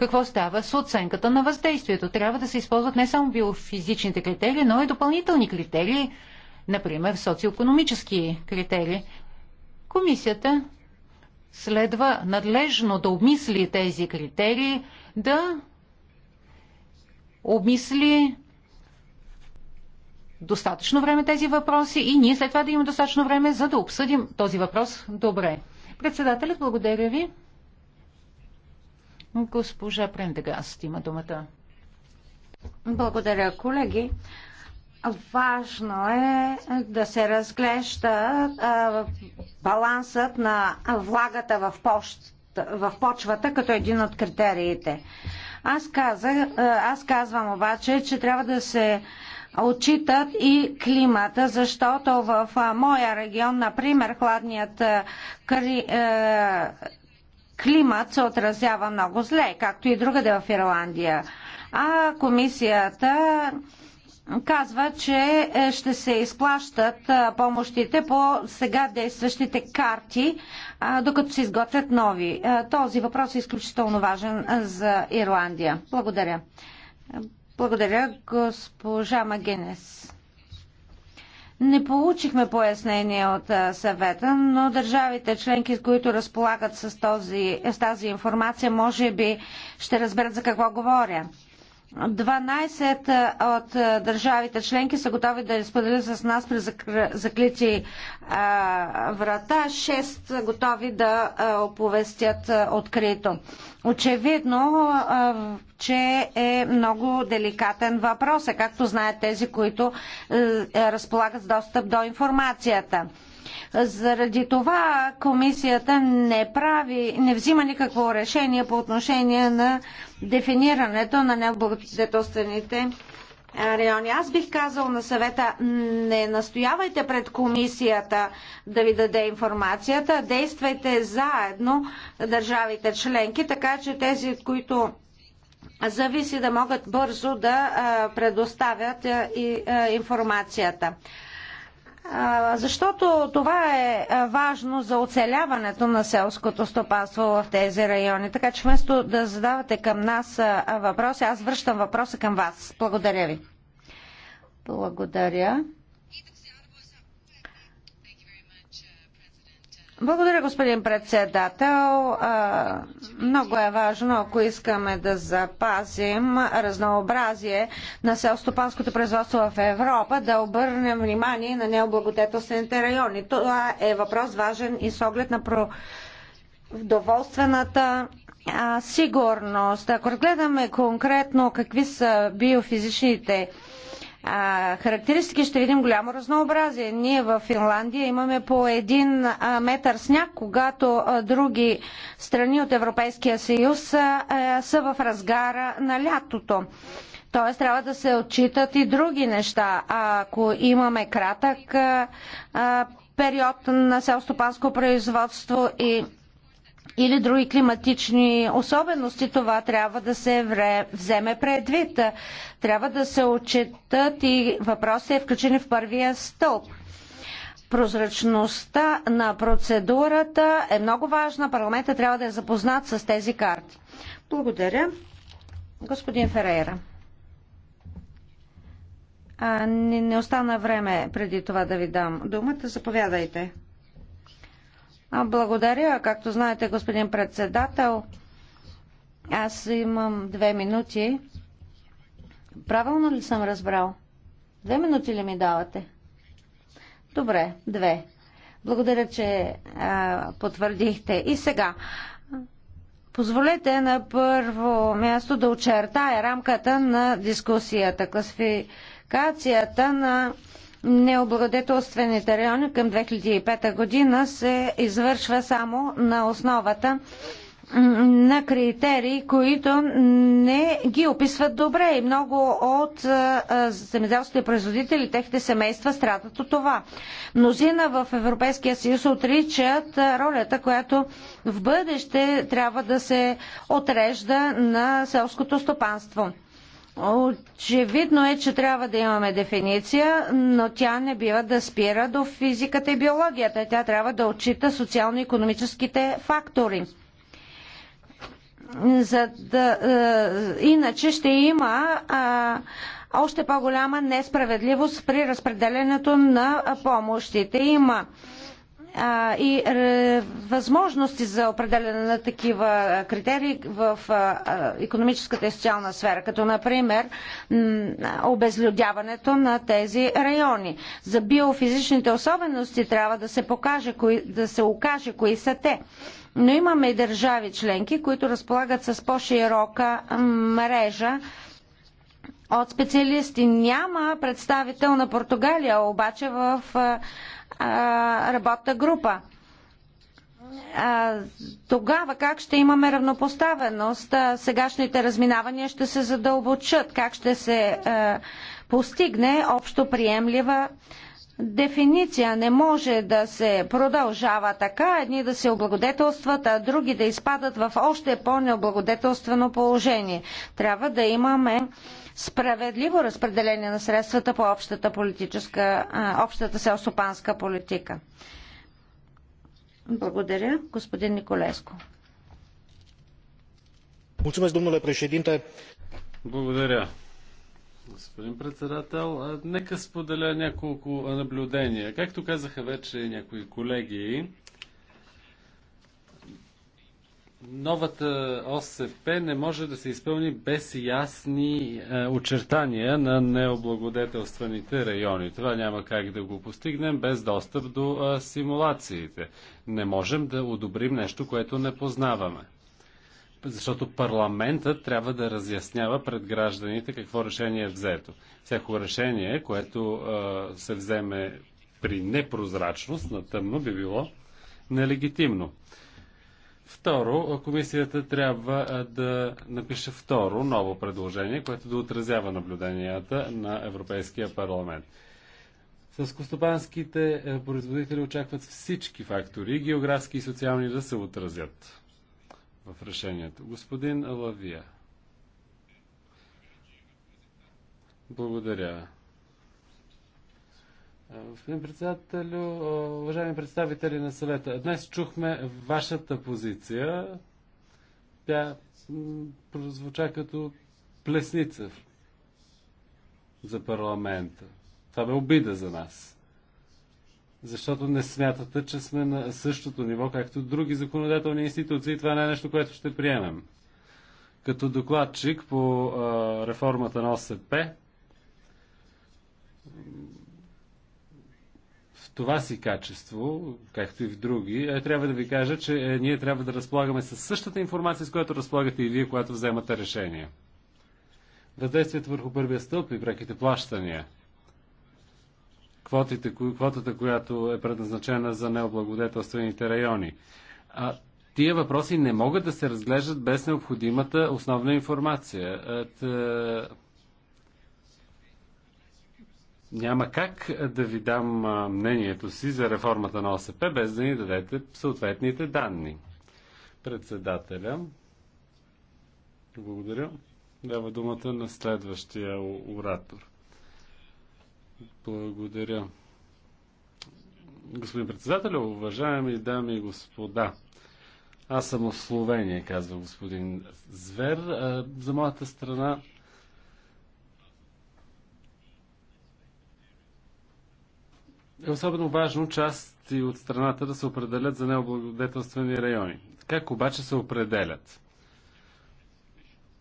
какво става с оценката на въздействието. Трябва да се използват не само биофизичните критерии, но и допълнителни критерии, например социоекономически критерии. Комисията следва надлежно да обмисли тези критерии, да обмисли достатъчно време тези въпроси и ние след това да имаме достатъчно време, за да обсъдим този въпрос добре. Председателят, благодаря ви. Госпожа Прендегаст има думата. Благодаря, колеги. Важно е да се разглежда а, балансът на влагата в, почт, в почвата като един от критериите. Аз, казах, аз казвам обаче, че трябва да се отчитат и климата, защото в моя регион, например, хладният кри, климат се отразява много зле, както и другаде в Ирландия. А комисията казва, че е, ще се изплащат помощите по сега действащите карти, докато се изготвят нови. Този въпрос е изключително важен за Ирландия. Благодаря. Благодаря, госпожа Магенес. Не получихме пояснение от съвета, но държавите членки, които разполагат с, този, с тази информация, може би ще разберат за какво говоря. 12 от държавите членки са готови да споделят с нас при заклити врата, 6 са готови да оповестят открито. Очевидно, че е много деликатен въпрос, е, както знаят тези, които е, е, разполагат с достъп до информацията. Заради това комисията не прави, не взима никакво решение по отношение на дефинирането на необлагодетелствените райони. Аз бих казал на съвета, не настоявайте пред комисията да ви даде информацията, действайте заедно държавите членки, така че тези, които зависи да могат бързо да предоставят информацията защото това е важно за оцеляването на селското стопанство в тези райони. Така че вместо да задавате към нас въпроси, аз връщам въпроса към вас. Благодаря ви. Благодаря. Благодаря, господин председател. Много е важно, ако искаме да запазим разнообразие на селстопанското производство в Европа, да обърнем внимание на необлагодетелствените райони. Това е въпрос важен и с оглед на продоволствената сигурност. Ако разгледаме конкретно какви са биофизичните а, характеристики ще видим голямо разнообразие. Ние в Финландия имаме по един а, метър сняг, когато а, други страни от Европейския съюз а, а, е, са в разгара на лятото. Тоест трябва да се отчитат и други неща. Ако имаме кратък а, а, период на селстопанско производство и или други климатични особености, това трябва да се вземе предвид. Трябва да се отчитат и въпроси, включени в първия стълб. Прозрачността на процедурата е много важна. Парламентът трябва да е запознат с тези карти. Благодаря. Господин Ферейра. А, не, не остана време преди това да ви дам думата. Заповядайте. Благодаря. Както знаете, господин председател, аз имам две минути. Правилно ли съм разбрал? Две минути ли ми давате? Добре, две. Благодаря, че а, потвърдихте. И сега, позволете на първо място да очертая рамката на дискусията, класификацията на необлагодетелствените райони към 2005 година се извършва само на основата на критерии, които не ги описват добре и много от земеделските производители, техните семейства страдат от това. Мнозина в Европейския съюз отричат ролята, която в бъдеще трябва да се отрежда на селското стопанство. Очевидно е, че трябва да имаме дефиниция, но тя не бива да спира до физиката и биологията. Тя трябва да отчита социално-економическите фактори. За да, е, иначе ще има е, още по-голяма несправедливост при разпределянето на помощите. Има е, а, и е, възможности за определене на такива е, критерии в а, е, економическата и социална сфера, като например обезлюдяването на тези райони. За биофизичните особености трябва да се, покаже, кои, да се окаже кои са те. Но имаме и държави членки, които разполагат с по-широка мрежа от специалисти. Няма представител на Португалия, обаче в а, работна група. А, тогава как ще имаме равнопоставеност? А, сегашните разминавания ще се задълбочат. Как ще се а, постигне общо приемлива дефиниция не може да се продължава така, едни да се облагодетелстват, а други да изпадат в още по-необлагодетелствено положение. Трябва да имаме справедливо разпределение на средствата по общата, политическа, общата селсопанска политика. Благодаря, господин Николеско. Благодаря, господин председател. Нека споделя няколко наблюдения. Както казаха вече някои колеги, новата ОСП не може да се изпълни без ясни е, очертания на необлагодетелстваните райони. Това няма как да го постигнем без достъп до е, симулациите. Не можем да одобрим нещо, което не познаваме. Защото парламентът трябва да разяснява пред гражданите какво решение е взето. Всяко решение, което е, се вземе при непрозрачност на тъмно, би било нелегитимно. Второ, комисията трябва да напише второ ново предложение, което да отразява наблюденията на Европейския парламент. костопанските производители очакват всички фактори, географски и социални, да се отразят в решението. Господин Лавия. Благодаря. Е, господин председател, е, уважаеми представители на съвета, днес чухме вашата позиция. Тя прозвуча като плесница за парламента. Това бе обида за нас. Защото не смятате, че сме на същото ниво, както други законодателни институции. Това не е нещо, което ще приемем. Като докладчик по а, е, реформата на ОСП, това си качество, както и в други, е, трябва да ви кажа, че е, ние трябва да разполагаме със същата информация, с която разполагате и вие, когато вземате решение. Въздействието върху първия стълб и преките плащания квотите, квотата, която е предназначена за необлагодетелствените райони. А, тия въпроси не могат да се разглеждат без необходимата основна информация. Е, няма как да ви дам мнението си за реформата на ОСП, без да ни дадете съответните данни. Председателя. Благодаря. Дава думата на следващия оратор. Благодаря. Господин председател, уважаеми дами и господа, аз съм в Словения, казва господин Звер. За моята страна е особено важно части от страната да се определят за необлагодетелствени райони. Как обаче се определят?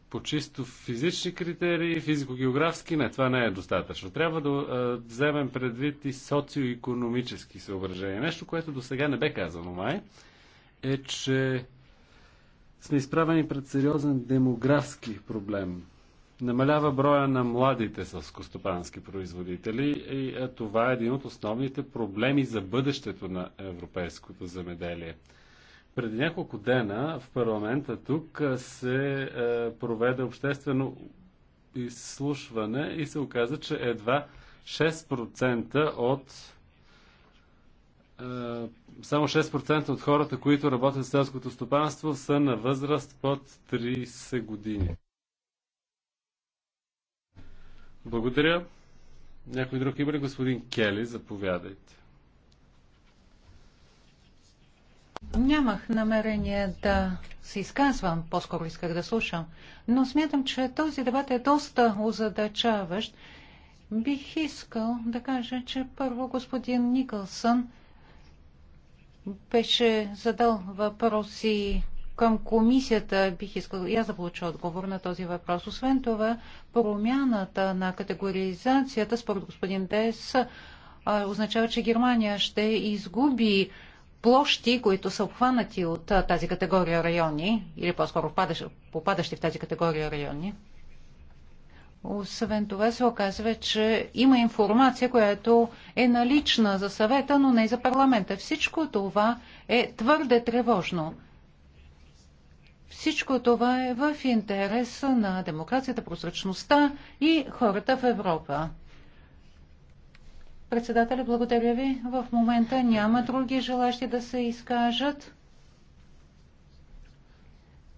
По чисто физични критерии, физико-географски, не, това не е достатъчно. Трябва да а, вземем предвид и социо-економически съображения. Нещо, което до сега не бе казано май, е, че сме изправени пред сериозен демографски проблем намалява броя на младите селскостопански производители и е, това е един от основните проблеми за бъдещето на европейското земеделие. Преди няколко дена в парламента тук е, се е, проведе обществено изслушване и се оказа, че едва 6% от само 6% от хората, които работят в селското стопанство, са на възраст под 30 години. Благодаря. Някой друг има ли? Господин Кели, заповядайте. Нямах намерение да се изказвам, по-скоро исках да слушам, но смятам, че този дебат е доста озадачаващ. Бих искал да кажа, че първо господин Никълсън беше задал въпроси към комисията бих искал и аз да получа отговор на този въпрос. Освен това, промяната на категоризацията, според господин Дес, означава, че Германия ще изгуби площи, които са обхванати от тази категория райони, или по-скоро попадащи в тази категория райони. Освен това се оказва, че има информация, която е налична за съвета, но не и за парламента. Всичко това е твърде тревожно. Всичко това е в интерес на демокрацията, прозрачността и хората в Европа. Председателя, благодаря ви. В момента няма други желащи да се изкажат.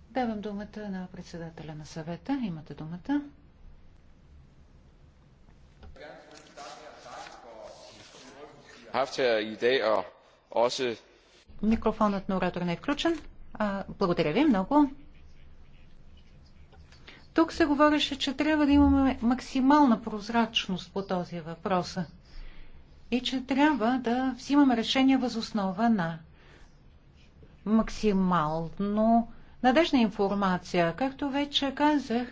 Давам думата на председателя на съвета. Имате думата. Микрофонът на оратора не е включен благодаря ви много. Тук се говореше, че трябва да имаме максимална прозрачност по този въпрос и че трябва да взимаме решение възоснова на максимално надежна информация. Както вече казах,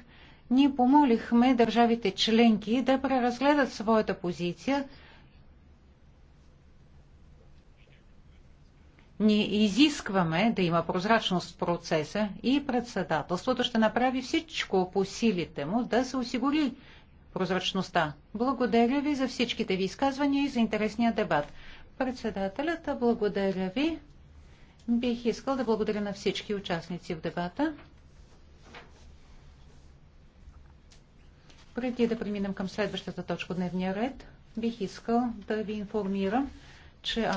ние помолихме държавите членки да преразгледат своята позиция Ние изискваме да има прозрачност в процеса и председателството ще направи всичко по силите му да се осигури прозрачността. Благодаря ви за всичките ви изказвания и за интересния дебат. Председателята, благодаря ви. Бих искал да благодаря на всички участници в дебата. Преди да преминем към следващата точка дневния ред, бих искал да ви информирам, че